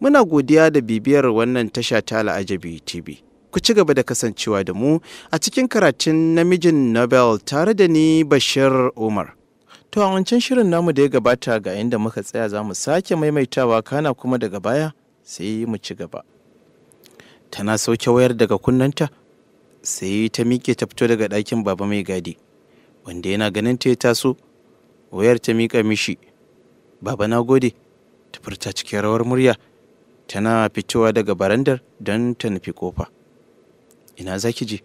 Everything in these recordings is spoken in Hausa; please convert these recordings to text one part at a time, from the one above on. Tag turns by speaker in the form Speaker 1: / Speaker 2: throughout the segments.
Speaker 1: Muna godiya da bibiyar wannan tasha ta Al'ajabi TV. Ku ci gaba da kasancewa da mu a cikin karatun namijin Nobel tare da ni Bashir Umar. To a wancan shirin namu da ya gabata ga inda muka tsaya za mu sake maimaitawa kana kuma daga baya sai mu ci gaba. Tana sauke wayar daga kunnanta sai ta miƙe ta fito daga ɗakin baba mai gadi wanda yana ganin ta ya taso wayar ta miƙa mishi baba na gode ta furta cikin rawar murya tana fitowa daga barandar don ta nufi kofa ina za ki je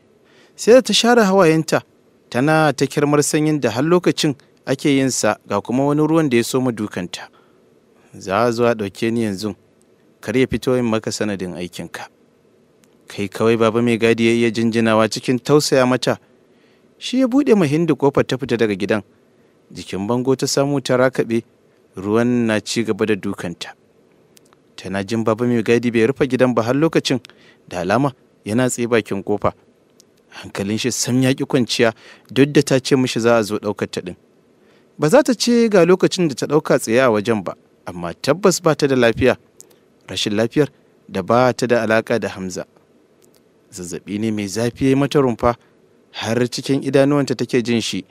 Speaker 1: sai da ta share hawayenta tana ta kirmar sanyin da har lokacin ake yin sa ga kuma wani ruwan da ya soma dukanta za a zuwa ɗauke ni yanzu kar ya fito yin maka sanadin aikinka kai kawai baba mai gadi ya iya jinjinawa cikin tausaya mata shi ya buɗe mahindu kofar ta fita daga gidan jikin bango ta samu ta rakaɓe ruwan na ci gaba da dukanta tana jin baba mai gadi bai rufe gidan ba har lokacin da alama yana tsaye bakin kofa hankalin shi sam ya ki kwanciya duk da ta ce mishi za a zo ɗaukar ta ɗin ba za ta ce ga lokacin da ta ɗauka tsaye a wajen ba amma tabbas ba ta da lafiya rashin lafiyar da ba ta da alaka da hamza zazzabi ne mai zafi ya mata rumfa har cikin idanuwanta take jin shi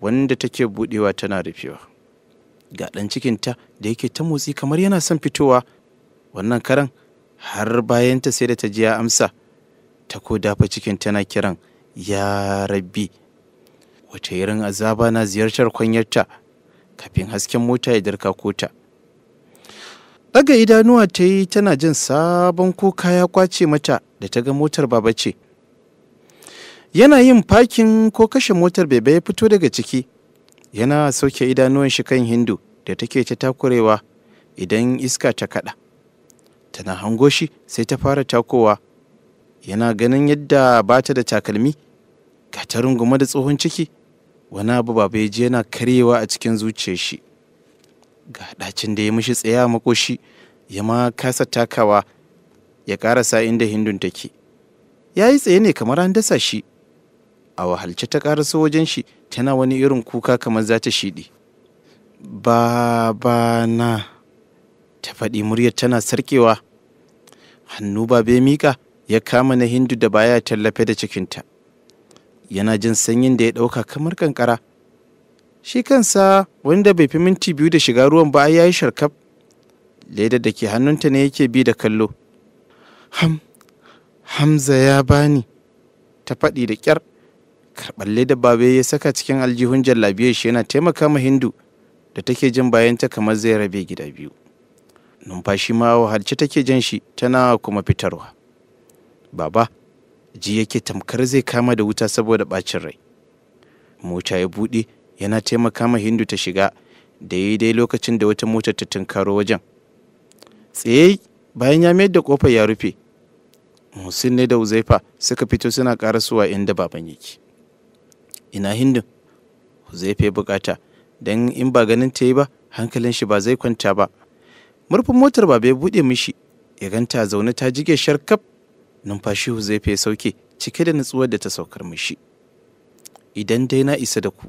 Speaker 1: wanda take budewa tana rufewa ga ɗan cikinta da yake ta motsi kamar yana son fitowa wannan karan har bayanta sai da ta ji ya amsa ta ko dafa cikin tana kiran ya rabbi wace irin azaba na ziyartar kwanyarta kafin hasken mota ya dirka kota ɗaga idanuwa ta yi tana jin sabon kuka ya kwace mata da ta ga motar baba ce yana yin fakin ko kashe motar bebe ya fito daga ciki yana sauke idanuwan shi kan hindu da take ta takurewa idan iska ta kaɗa tana hango shi sai ta fara takowa yana ganin yadda ba ta da takalmi ga ta rungume da tsohon ciki wani abu ba bai je yana karyewa a cikin zuciyar shi ga ɗacin da ya mishi tsaya makoshi ya ma kasa takawa ya sa inda hindun take ya yi tsaye ne kamar an dasa shi a wahalce ta karasa wajen shi tana wani irin kuka kamar za ta shiɗi Babana. ta faɗi muryar tana sarkewa hannu ba bai mika ya kama na hindu da baya tallafe da cikinta yana jin sanyin da ya ɗauka kamar kankara shi kansa wanda bai fi minti biyu da shiga ruwan ba ya yi sharkaf leda da ke hannunta ne yake bi da kallo ham hamza ya bani ta faɗi da ƙyar karɓar leda babe ya saka cikin aljihun jallabiyar shi yana taimaka ma hindu da take jin bayanta kamar zai rabe gida biyu numfashi ma wahalci take jan shi tana kuma fitarwa baba ji yake tamkar zai kama da wuta saboda bacin rai mota ya buɗe yana taimaka ma hindu ta shiga daidai lokacin da wata motar ta tunkaro wajen tsaye bayan ya mayar da kofar ya rufe musin ne da uzaifa suka fito suna karasuwa inda baban yake ina hindu uzaifa ya bukata don in ba ganin ta yi ba hankalin shi ba zai kwanta ba murfin motar baba ya buɗe mishi ya ganta zaune ta jige sharkaf numfashi huzaifa ya sauke cike da nutsuwar da ta saukar mishi idan dai na isa da ku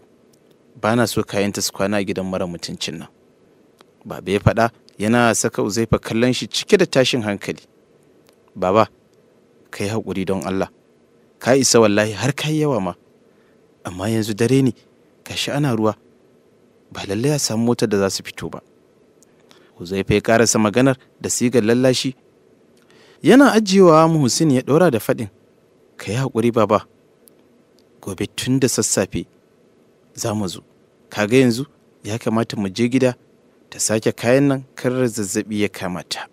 Speaker 1: ba na so kayanta su kwana a gidan mara mutuncin nan baba ya faɗa yana saka uzaifa kallon shi cike da tashin hankali baba ka yi haƙuri don allah ka isa wallahi har ka yi yawa ma amma yanzu dare ne gashi ana ruwa ba lallai a samu motar da za su fito ba huzaifa ya karasa maganar da sigar lallashi yana ajiyewa muhsin ya ɗora da faɗin ka yi haƙuri baba gobe tun da sassafe za mu zo kaga yanzu ya kamata mu je gida ta sake kayan nan karar zazzaɓi ya kamata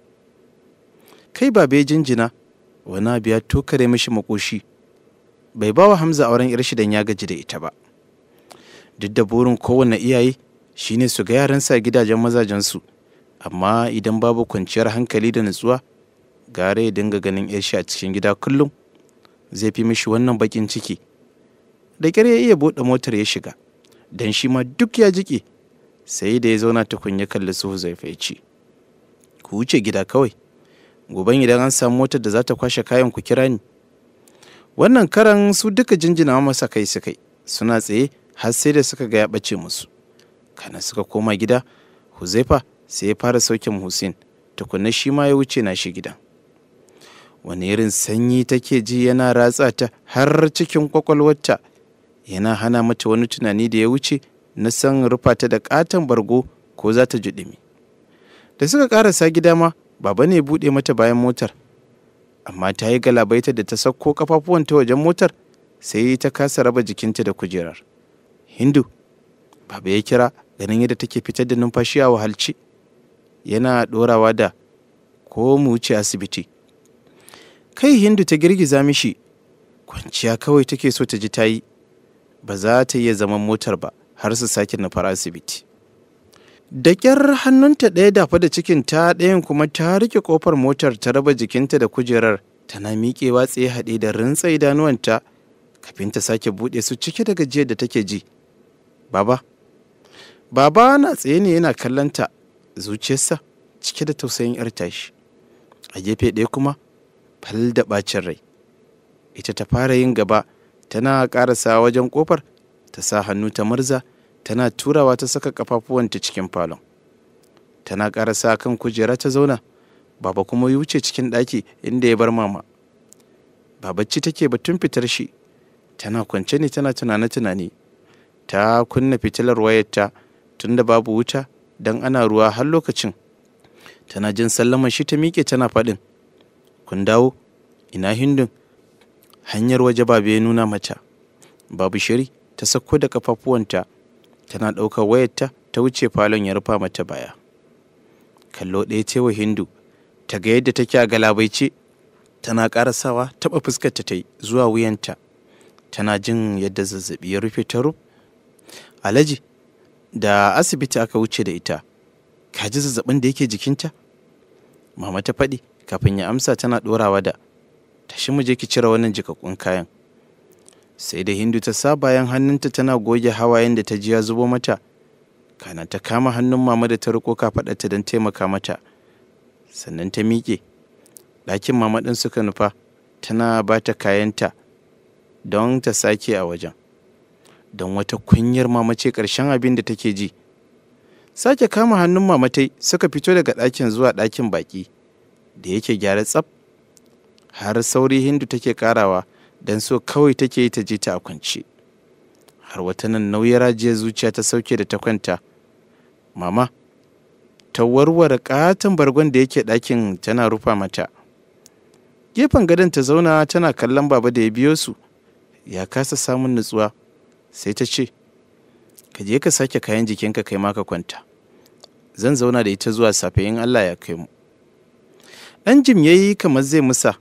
Speaker 1: kai ba bai jinjina wani biya ya tokare mishi makoshi bai bawa hamza auren yar ya gaji da ita ba duk da burin kowane iyaye shine su ga yaransa gidajen mazajensu amma idan babu kwanciyar hankali da nutsuwa. gara ya dinga ganin yashi a cikin gida kullum zai fi mishi wannan bakin ciki da kyar ya iya buɗe motar ya shiga don shi ma duk ya jiƙe sai da ya zauna tukun ya kalli su zai ku wuce gida kawai gobe idan an samu motar da za ta kwashe kayan ku kira ni wannan karan su duka jinjina masa kai su kai suna tsaye har sai da suka ga ya ɓace musu kana suka koma gida huzaifa sai ya fara saukin hussein tukunna shi ma ya wuce na shi gidan. wani irin sanyi take ji yana ratsa ta har cikin kwakwalwarta yana hana mata wani tunani da ya wuce na san rufa ta da katon bargo ko za ta ji ɗumi da suka karasa gida ma baba ne buɗe mata bayan motar amma ta yi galabaita da ta sauko kafafuwanta wajen motar sai ta kasa raba jikinta da kujerar hindu baba ya kira ganin yadda take fitar da numfashi a wahalci yana ɗorawa da ko mu wuce asibiti kai hindu ta girgiza mishi kwanciya kawai take so ta ji ta yi ba za ta iya zaman motar ba har su sake na fara asibiti da ƙyar hannunta ɗaya dafa da cikin ta ɗayan kuma ta rike ƙofar motar ta raba jikinta da kujerar tana miƙewa tsaye haɗe da rintsa idanuwanta kafin ta sake buɗe su cike da gajiyar da take ji baba baba na tsaye ne yana kallonta zuciyarsa cike da tausayin ‘yar tashi a gefe ɗaya kuma fal da ɓacin rai ita ta fara yin gaba tana ƙarasa wajen ƙofar ta sa hannu ta murza tana turawa ta saka ƙafafuwanta cikin falon tana ƙarasa kan kujera ta zauna baba kuma ya wuce cikin ɗaki inda ya bar mama babacci take batun fitar shi tana kwance ne tana tunane tunani. ta kunna fitilar wayarta tunda babu wuta don ana ruwa har lokacin tana jin sallama shi ta miƙe tana faɗin kun dawo ina hindun hanyar waje babu ya nuna mata babu shiri ta sako da kafafuwanta tana ɗaukar wayarta ta wuce falon ya rufa mata baya kallo ɗaya ce wa hindu ta ga yadda take a galabaice tana ƙarasawa taɓa fuskarta ta yi zuwa wuyanta tana jin yadda zazzaɓi ya rufe ta rub alaji da asibiti aka wuce da ita ka ji zazzabin da yake jikinta mama ta faɗi kafin ya amsa tana ɗorawa da tashi mu je ki cire wannan jikakkun kayan sai da hindu ta sa bayan hannunta tana goge hawayen da ta ji ya zubo mata kana ta kama hannun mama da ta riko kafaɗarta don taimaka mata sannan ta miƙe ɗakin mama ɗin suka nufa tana ba ta kayanta don ta sake a wajen don wata kunyar mamace karshen ƙarshen abin da take ji sake kama hannun mamatai suka fito daga ɗakin zuwa ɗakin baƙi da yake gyara tsaf har sauri hindu take karawa don so kawai take yi ta je ta kwance har wata nan nauyi rajiyar zuciya ta sauke da ta kwanta mama ta warware katon bargon da yake ɗakin tana rufa mata gefen gadon ta zauna tana kallon baba da ya biyo su ya kasa samun nutsuwa sai ta ce ka je ka sake kayan jikinka kai ma ka kwanta zan zauna da ita zuwa safe in allah ya kai mu ɗan jim ya kamar zai musa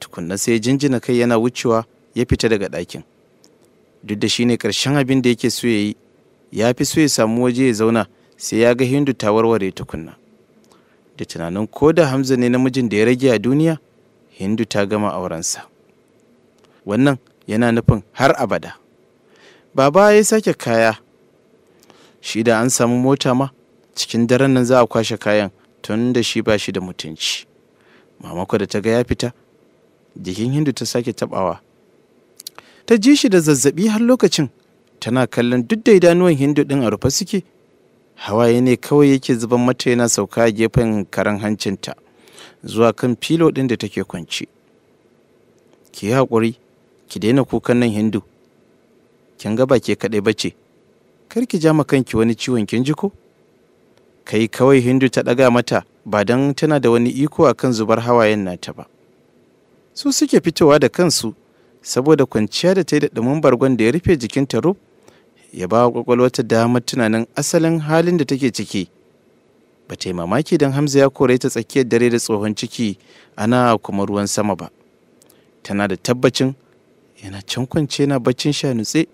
Speaker 1: tukunna sai jinjina kai yana wucewa ya fita daga ɗakin duk da shine karshen abin da yake so ya yi ya fi so ya samu waje ya zauna sai ya ga hindu ta warware tukunna da tunanin ko da hamza ne namijin da ya rage a duniya hindu ta gama aurensa wannan yana nufin har abada baba ya sake kaya shi da an samu mota ma cikin daren nan za a kwashe kayan tun da shi ba shi da mutunci mamako da ta ga ya fita jikin hindu ta sake tabawa ta ji shi da zazzabi har lokacin tana kallon duk da idanuwan hindu din a rufe suke hawaye ne kawai yake zuban mata yana sauka a gefen karen hancinta zuwa kan filo din da take kwance ki yi haƙuri ki daina kukan nan hindu kin ga ba ke kaɗai bace kar ki ja ma kanki wani ciwon kin ji ko kai kawai hindu ta ɗaga mata ba don tana da wani iko a kan zubar hawayen nata ba su suke fitowa da kansu saboda kwanciya da ta yi da ɗumin bargon da ya rufe jikinta rub ya ba wa kwakwalwata damar tunanin asalin halin da take ciki ba ta yi mamaki don hamza ya kore ta tsakiyar dare da tsohon ciki ana kuma ruwan sama ba tana da tabbacin yana can kwance na baccin sha nutse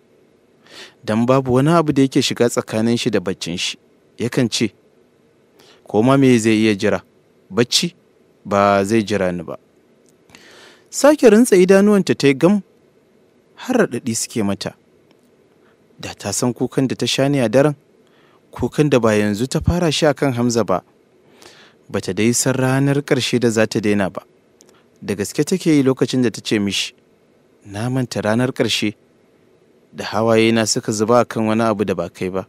Speaker 1: don babu wani abu da yake shiga tsakanin shi da baccin shi yakan ce ko ma me zai iya jira bacci ba zai jira ni ba sake rintsa idanuwanta ta yi gam har raɗaɗi suke mata da ta san kukan da ta sha ni a daren kukan da ba yanzu ta fara shi akan hamza ba bata dai san ranar ƙarshe da za ta daina ba da gaske take yi lokacin da ta ce mishi na manta ranar ƙarshe da hawaye na suka zuba kan wani abu da ba kai ba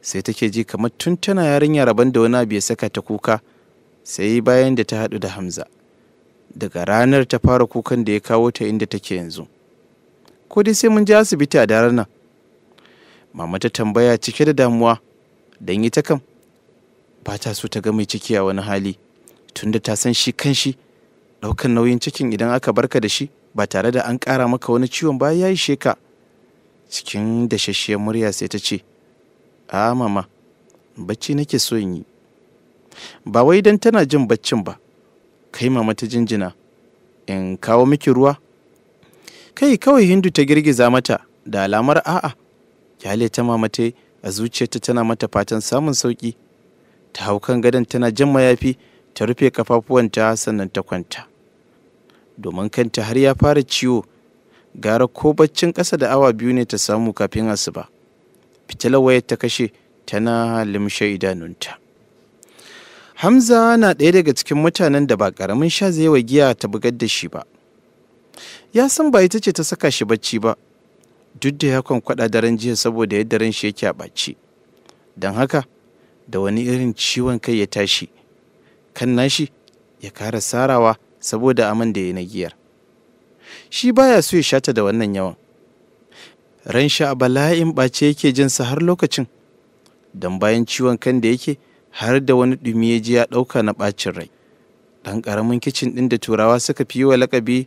Speaker 1: sai take ji kamar tun tana yarinya rabon da wani abu ya saka ta kuka sai bayan da ta haɗu da hamza daga ranar ta fara kukan da ya kawo ta inda take yanzu ko dai sai mun je asibiti a daren nan mama ta tambaya cike da damuwa don yi ta kam ba ta so ta ga mai ciki a wani hali tunda ta san shi kan shi ɗaukan nauyin cikin idan aka barka da shi ba tare da an ƙara maka wani ciwon ba ya yi sheka cikin dashashiyar murya sai ta ce a mama bacci nake so in yi ba wai don tana jin baccin ba kai mama ta jinjina in kawo miki ruwa kai kawai hindu ta girgiza mata da alamar a'a kyale ta ta a zuciyarta tana mata fatan samun sauki ta hau kan gadon tana jin mayafi ta rufe kafafuwanta sannan ta kwanta domin kanta har ya fara ciwo gara ko baccin ƙasa da awa biyu ne ta samu kafin asuba fitilar wayar ta kashe tana limshe idanunta hamza na ɗaya daga cikin mutanen da ba ƙaramin sha zai wa giya ta bugar da shi ba ya san ba ita ce ta saka shi bacci ba duk da ya kwankwaɗa daren jiya saboda yadda ran shi yake a ɓaci don haka da wani irin ciwon kai ya tashi kan nashi ya kara sarawa saboda aman da ya na giyar shi baya so ya shata da wannan yawan ran sha bala'in ɓace yake jin sa har lokacin don bayan ciwon kan da yake har da wani ɗumi ya ji ya ɗauka na ɓacin rai ɗan ƙaramin kicin ɗin da turawa suka fi yi wa lakabi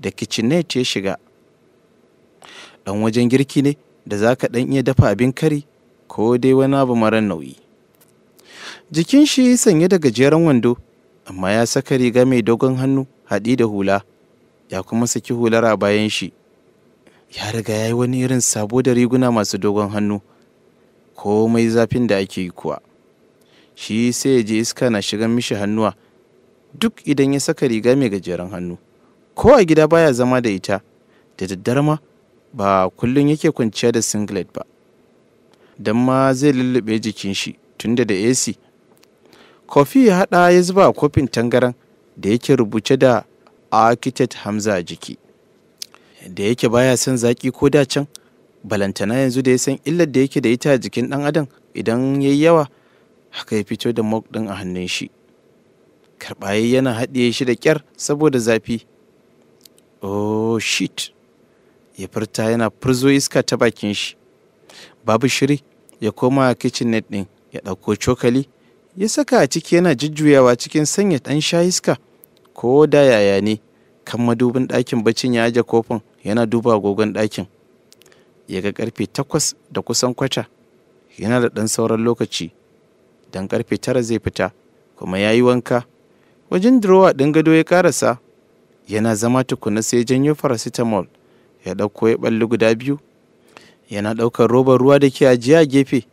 Speaker 1: da kitchenette ya shiga ɗan wajen girki ne da za ka ɗan iya dafa abin kari ko dai wani abu mara nauyi jikin shi sanye da gajeren wando amma ya saka riga mai dogon hannu haɗi da hula ya kuma saki hular a bayan shi ya riga ya yi wani irin sabo da riguna masu dogon hannu komai zafin da ake yi kuwa shi sai ya je iska na shiga mishi hannuwa duk idan ya saka riga mai gajeren hannu ko a gida baya zama da ita da daddare ma ba kullum yake kwanciya da singlet ba don ma zai lullube jikin shi tunda da ac kofi ya hada ya zuba kofin tangaran da yake rubuce da architect hamza jiki da yake baya son zaki ko da can balantana yanzu da ya san illar da yake da ita a jikin ɗan adam idan ya yi yawa haka ya fito da mok ɗin a hannun shi karɓaye yana haɗiye shi da ƙyar saboda zafi oh shit ya furta yana furzo iska ta bakin shi babu shiri ya koma kitchen net ɗin ya ɗauko cokali ya saka a ciki yana jujjuyawa cikin sanya ɗan sha iska ko da yaya ne kan madubin ɗakin baccin ya aje kofin yana duba agogon ɗakin ya ga ƙarfe takwas da kusan kwata yana da ɗan sauran lokaci don ƙarfe tara zai fita kuma ya yi wanka wajen durowa ɗin gado ya ƙarasa yana zama tukuna sai janyo farasitamol ya ɗauko ya ɓalli guda biyu yana ɗaukar robar ruwa da ke ajiye a gefe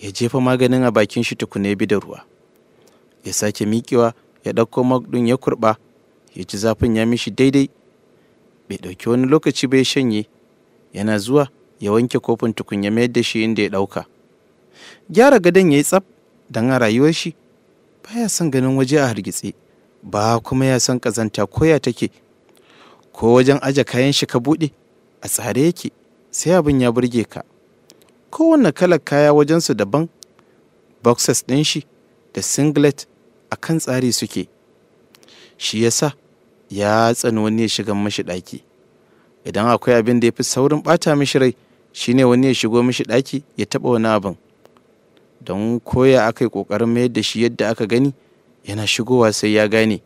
Speaker 1: ya jefa maganin a bakin shi tukuna ya bi da ruwa ya sake miƙewa ya ɗauko mak ɗin ya kurɓa ya ci zafin ya mishi daidai bai ɗauki wani lokaci bai shanye yana zuwa ya wanke kofin tukun ya mayar da shi inda ya ɗauka gyara gadon ya yi tsaf don a rayuwar shi baya son ganin waje a hargitse ba kuma ya son ƙazanta koya take ko wajen aje kayan shi ka buɗe a tsare yake sai abin ya burge ka kowanne kalar kaya wajensu daban boxes ɗin shi da singlet a kan tsari suke shi yasa ya tsani wani ya shiga mashi ɗaki idan akwai abin da ya fi saurin ɓata mishi rai shine wani ya shigo mashi ɗaki ya taɓa wani abin don koya aka yi ƙoƙarin mayar da shi yadda aka gani yana shigowa sai ya gane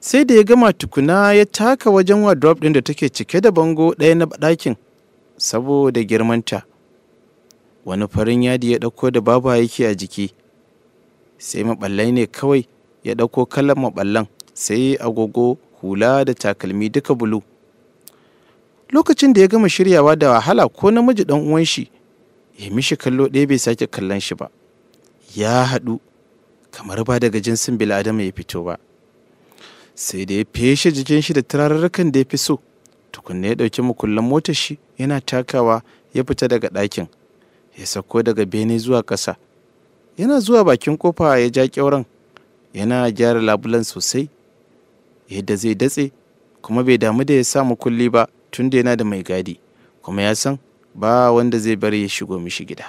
Speaker 1: sai da ya gama tukuna ya taka wajen wardrobe ɗin da take cike da bango ɗaya na ɗakin saboda girmanta wani farin yadi ya ɗauko da babu yake a jiki sai maɓallai ne kawai ya ɗauko kalan maɓallan sai agogo hula da takalmi duka bulu lokacin da ya gama shiryawa da wahala ko namiji ɗan uwan shi ya mishi kallo ɗaya bai sake kallon shi ba ya haɗu kamar ba daga jinsin bil'adama ya fito ba sai da ya feshe jikin shi da turarurrukan da ya fi so tukunna ya ɗauki mukullan motar shi yana takawa ya fita daga ɗakin ya sako daga bene zuwa ƙasa yana zuwa bakin kofa ya ja kyauran yana gyara labulan sosai yadda zai datse kuma bai damu da ya samu kulli ba tun da yana da mai gadi kuma ya san ba wanda zai bari ya shigo mishi gida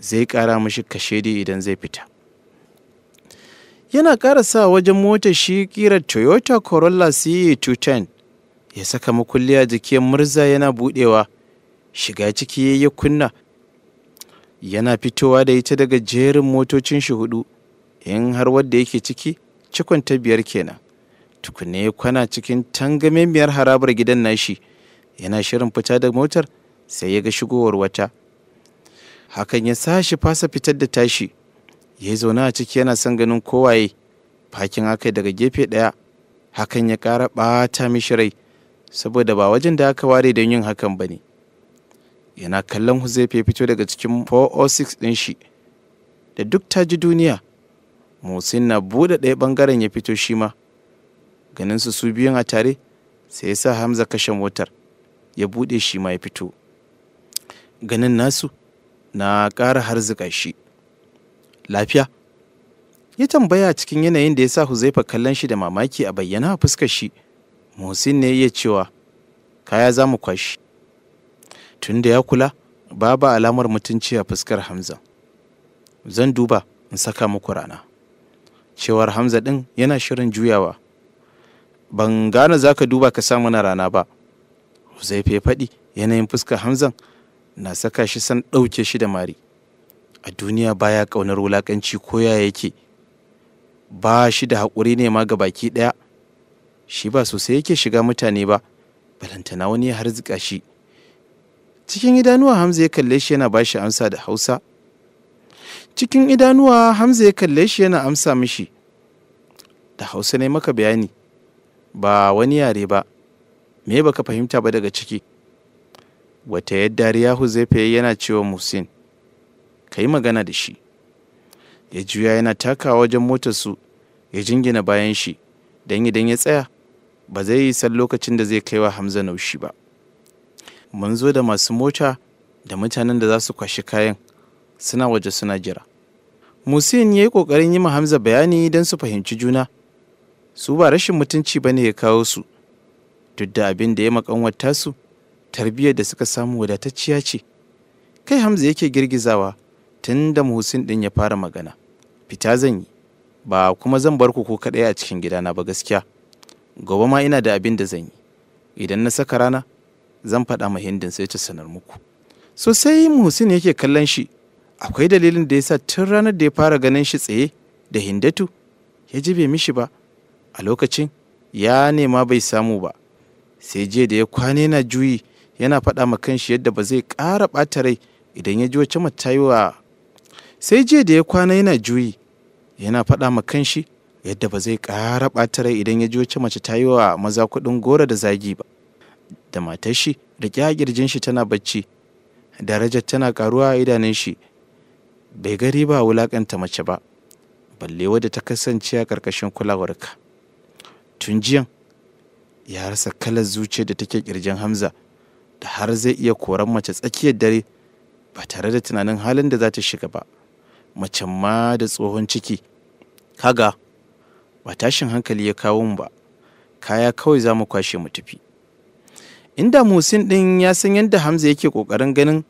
Speaker 1: zai kara mishi kashedi idan zai fita yana karasa wajen motar shi kirar toyota corolla ce 210 ya saka makulli a jikin murza yana budewa shiga ciki ya kunna yana fitowa da ita daga jerin motocin shi hudu in har wadda yake ciki cikon ta biyar kenan tukune ya kwana cikin tangamemmiyar harabar gidan nashi yana shirin fita da motar sai ya ga shigowar wata hakan ya sa shi fasa fitar da tashi ya zaune a ciki yana son ganin kowaye fakin aka daga gefe ɗaya hakan ya ƙara ɓata mishi rai saboda ba wajen da aka ware don yin hakan ba ne yana kallon huzaifa fito daga cikin 406 ɗin shi da duk ta ji duniya musin na buɗe ɗaya ɓangaren ya fito shi ma ganin su su biyun a tare sai ya sa hamza kashe motar ya buɗe shi ma ya fito ganin nasu na ƙara harzika shi lafiya ya tambaya cikin yanayin da ya sa huzaifa kallon shi da mamaki a bayyana a fuskar shi musin ne ya cewa kaya za mu kwashi tunda ya kula babu alamar mutunci a fuskar Hamza. Zan duba in saka muku rana. Cewar Hamza ɗin yana shirin juyawa. Ban gane za ka duba ka sa mana rana ba. Zai ya faɗi yanayin fuskar Hamzan na saka shi san ɗauke shi da mari. A duniya baya ƙaunar wulaƙanci ko ya yake. Ba shi da haƙuri ne ma ga baki ɗaya. Shi ba sosai yake shiga mutane ba, balantana wani ya harzika shi. cikin idanuwa hamza ya kalle shi yana shi amsa da hausa cikin idanuwa hamza ya kalle shi yana amsa mishi da hausa ne maka bayani ba wani yare ba me baka fahimta ba daga ciki wata yadda riyahu zai yana cewa musin ka yi magana da shi ya juya yana takawa wajen motarsu ya jingina bayan shi don idan ya tsaya ba zai yi san lokacin da zai kaiwa hamza naushi ba mun zo da masu mota da mutanen da za su kwashi kayan suna waje suna jira musin ya yi ƙoƙarin yi hamza bayani don su fahimci juna su ba rashin mutunci ba ne ya kawo su duk da abin da ya makanwar su. tarbiyyar da suka samu wadatacciya ce kai hamza yake girgizawa tun da musin ɗin ya fara magana fita zan yi ba kuma zan bar ku ko kaɗai a cikin gidana ba gaskiya gobe ma ina da abin da zan yi idan na saka rana zan faɗa ma hindin sai ta sanar muku so sai muhsin yake kallon shi akwai dalilin da yasa tun ranar da ya fara ganin shi tsaye da hindatu ya ji bai mishi ba a lokacin ya nema bai samu ba sai je da ya kwane na juyi yana faɗa ma kanshi yadda ba zai ƙara ɓata rai idan ya ji wace sai je da ya kwana yana juyi yana faɗa ma kanshi yadda ba zai ƙara ɓata rai idan ya ji wace mace ta yi wa maza kuɗin gora da zagi ba da matar shi da a ƙirjin shi tana bacci darajar tana karuwa a idanun shi bai gari ba wulaƙanta mace ba balle wadda ta kasance a ƙarƙashin kulawarka tun jiyan ya rasa kalar zuciya da take ƙirjin hamza da har zai iya koran mace tsakiyar dare ba tare da tunanin halin da za ta shiga ba mace ma da tsohon ciki kaga ba tashin hankali ya kawo mu ba kaya kawai za mu kwashe mu tafi inda musin ɗin ya san yadda hamza yake ƙoƙarin ganin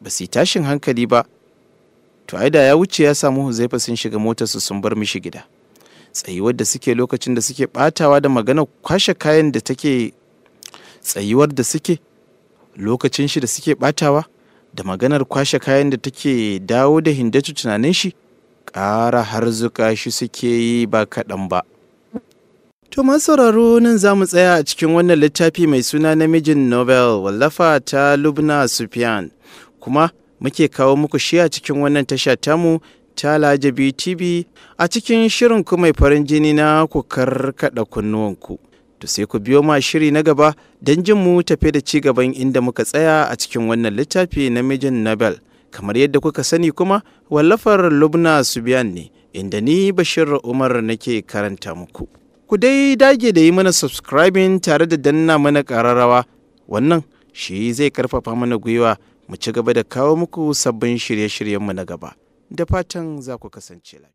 Speaker 1: ba su tashin hankali ba to aida ya wuce ya samu huzaifa sun shiga su sun bar mishi gida tsayuwar da suke lokacin da suke batawa da maganar kwashe kayan da take tsayuwar da suke lokacin shi da suke ɓatawa da maganar kwashe kayan da take dawo da hindatu tunanin shi ƙara harzuka shi suke yi ba kaɗan ba To sauraro nan za mu tsaya a cikin wannan littafi mai suna namijin Nobel wallafa ta Lubna Sufyan. Kuma muke kawo muku shi a cikin wannan tasha tamu ta Lajabi TV a cikin shirin ku mai farin jini na ku karkada kunnuwanku. To sai ku biyo ma shiri na gaba don jin mu tafe da ci gaban inda muka tsaya a cikin wannan littafi namijin Nobel. Kamar yadda kuka sani kuma wallafar Lubna Sufyan ne inda ni Bashir Umar nake karanta muku. ku dai dage da yi mana subscribing tare da danna mana ƙararrawa wannan shi zai karfafa mana gwiwa mu ci gaba da kawo muku sabbin shirye-shiryenmu na gaba da fatan za ku kasance lafiya